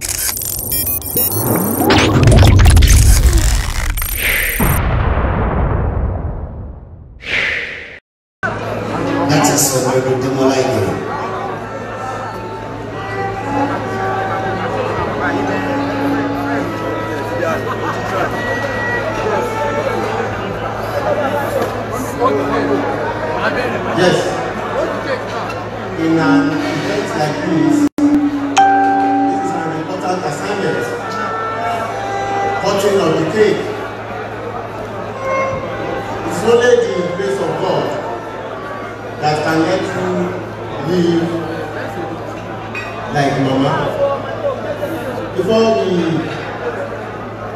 láti sọ lójoojúmọ́ láì dèrò. Yes. In an event like this. cutting of the cake. It's only the grace of God that can let you live like Mama. Before we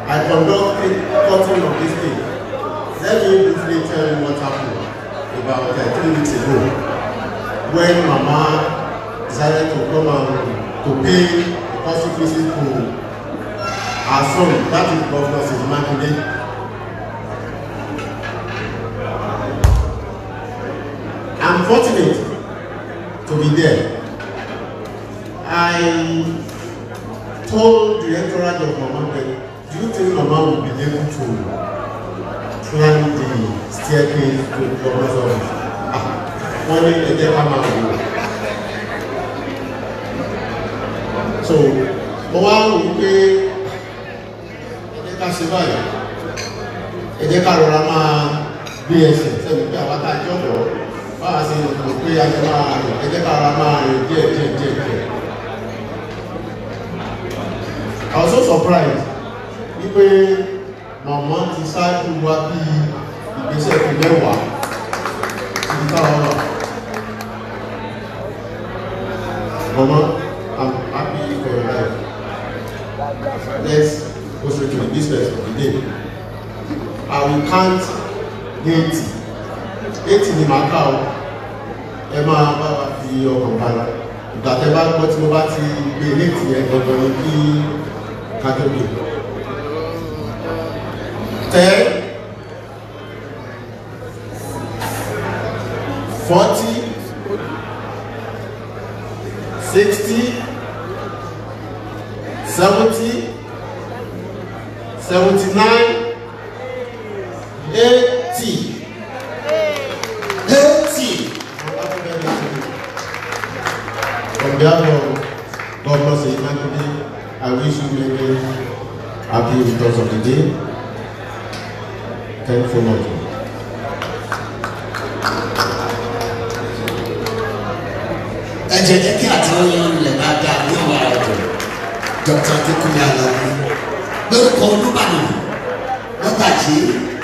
I conduct a cutting of this thing. Let me briefly tell you what happened about uh, three weeks ago when Mama decided to come out to pay the cost of visit to Uh, sorry, that is Mákindé. I'm fortunate to be there. I told the entourage of Mama Ben, do you think Mama will be able to climb the staircase to the governor's office? Ah, one day they get Mama So, mo wá wò ó pé ká báyìí ẹ jẹ́ ká rọra máa gbé ẹsẹ̀ sẹ́mi pé àwọn tá a bọ̀ bá a ṣe rò pé a ti máa rìn ẹ jẹ́ ká rọra máa rìn díẹ̀ díẹ̀ díẹ̀ díẹ̀. I was so surprised wípé màmá ti ṣáájú wa bí ìgbésẹ̀ tó mẹ́wàá. count dé eighty eighty ni màá kà ó ẹ máa bá wa fi ọkàn balẹ̀ ìgbà tẹ bá gbọ́ tí mo bá ti gbé eighty yẹn gangan ni kí kájọ́gbé tẹ forty sixty seventy seventy nine. On behalf of Governor Seyimakinde, I wish you many happy returns of the day. Thank you for watching. Ẹ jẹ́ jẹ́ kí àtìlẹ́yìn ilẹ̀ bá dá ní ọ̀wá ọ̀dọ̀ Dr. Adekunle Alabi lórúkọ Olúbàdàn lọ́tàjì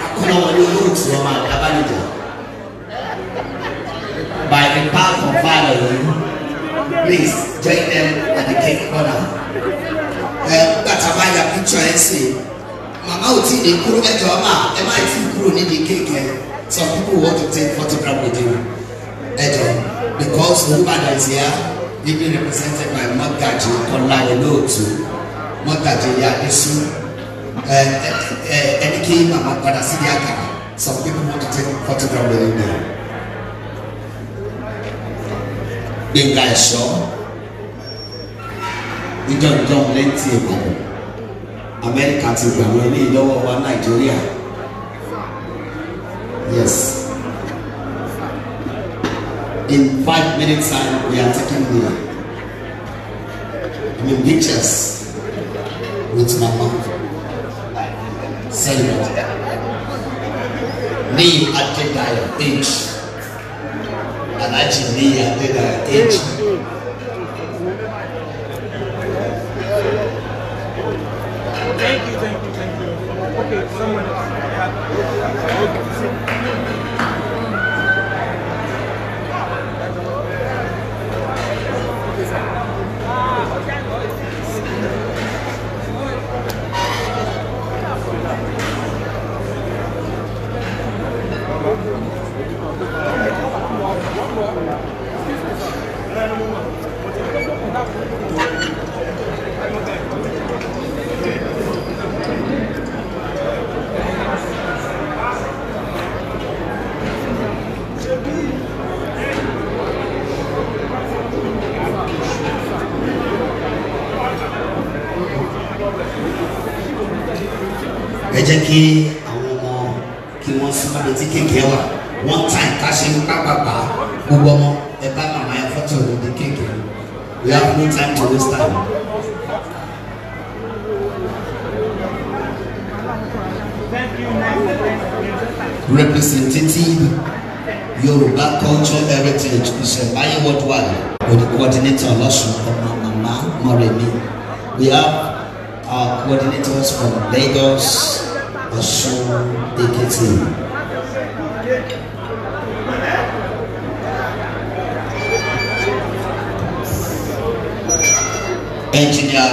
akọ́nàwọlé olóòtú ọmọ àdábánidọ̀ by the power of fire please join them at the cake corner. nígbà tá a bá ya picture ẹ̀ sí màmá ò tí ì lè kúrò ẹ̀jọ̀ ọmọ ẹ má tí ì kúrò níbi cake ẹ̀ some people want to take photograph with you ẹ̀jọ̀ because the woman that is here dey be represented by mọ́gàjì ọ̀làyé lóòtú mọ́gàjì ìyá ẹ̀sùn ẹni kí màmá padà sí ní àkàrà some people want to take photograph with you there. Gbẹ̀ngà Ẹ̀ṣọ́ ìjọ̀jọ̀ lẹ́tì Ìbàdàn Amẹ́ríkà ti gbà wọ́n ní ìlọ́wọ́ wa Nàìjíríà yes in five minutes time we are taking the I mean pictures with mama celebrate ní Adédayọ̀ age. 来激励啊，这个意志。jẹ́ kí àwọn ọmọ kí wọ́n síwájú tí kéèké wà wọ́n ta ìta ṣe ń pápápá gbogbo ọmọ ẹ bá màmá yẹn fọ́tò rẹ̀ ní kéèké we have no time to waste time. Representative Yoruba Culture Heritage Ìṣẹ̀báyé Worldwide with the coordinator Ọlọ́sùn ọmọ mama, Mọ̀rẹ́mi. We have our coordinators from Lagos. Ọ̀ṣun Èkìtì. ẹnjìnìà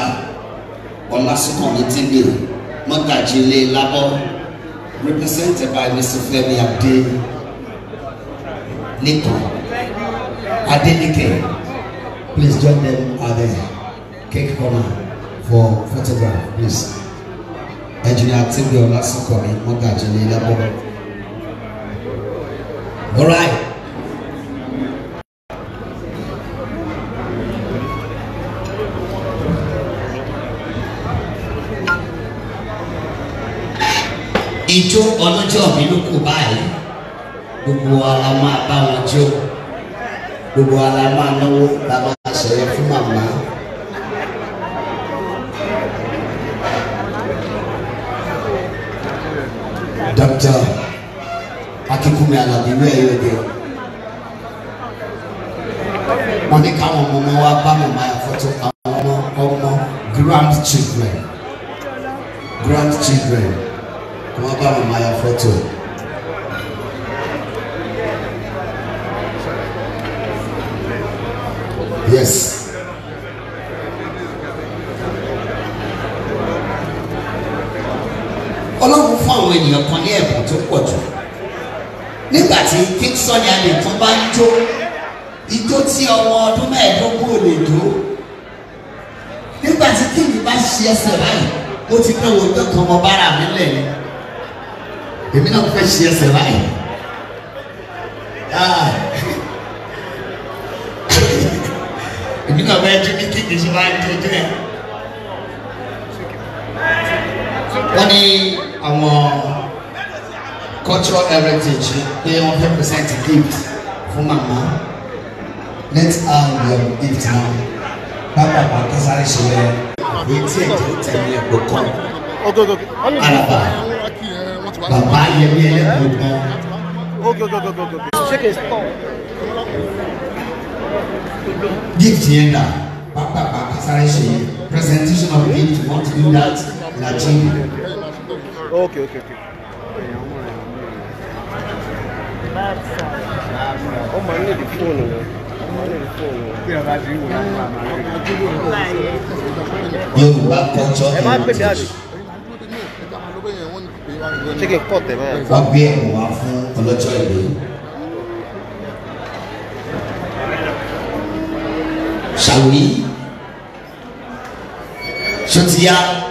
Ọlásùnkànmí Tíndé mọ́gàjì ilé lábọ́ represented by Mr. Fẹ́mi Adé Lẹ́kọ̀ọ́ Adeleke please join them at the cake corner for photograph please engineer Timbi Olasunkomi Mogaji ní Ilẹ́pọ̀. Alright. Ìjó ọlọ́jọ́ mi ló kù báyìí. Gbogbo wa la máa bá wọn jó. Gbogbo wa máa náwó la ìlú ẹ̀yọ́dẹ mo ní káwọn ọmọ ọmọ wa bá màmá àfọ́tò àwọn ọmọ ọmọ grand children grand children kò wọ́n bá màmá àfọ́tò. yes. ọlọ́run fún àwọn ènìyàn kan ní ẹ̀bùn tó pọ̀ jù nígbà tí King Sunny Adé tó bá ń jó ijó tí ọmọ ọdún mẹ́ẹ̀ẹ́dógún ò lè jó nígbà tí kíni bá ṣe ẹsẹ̀ báyìí ó ti pẹ́ wo ọjọ́ kan ọmọ bára mi lẹ̀ ni èmi náà fẹ́ ṣe ẹsẹ̀ báyìí ah. èmi náà fẹ́ jó ní kíni ṣe máa ń dojú ẹ̀ wọ́n ní àwọn cultural heritage pé wọ́n fẹ́ present gift for Mama. let her your gift now Papa, Papa, bàbá bàbá sáré ṣe yẹ etí ẹ̀jẹ̀ tẹ̀lé ẹ̀kọ́ kan alaba bàbá yẹmí ẹlẹ́kọ̀ọ́ gan. gift yẹn dà bàbá Papa, sáré ṣe yẹ presentation of gift want to do that in a okay okay okay ó Yorùbá culture heritage wọ́n gbé ẹ̀bùn wá fún ọlọ́jọ́ ìlú. Shall we? Sotiya.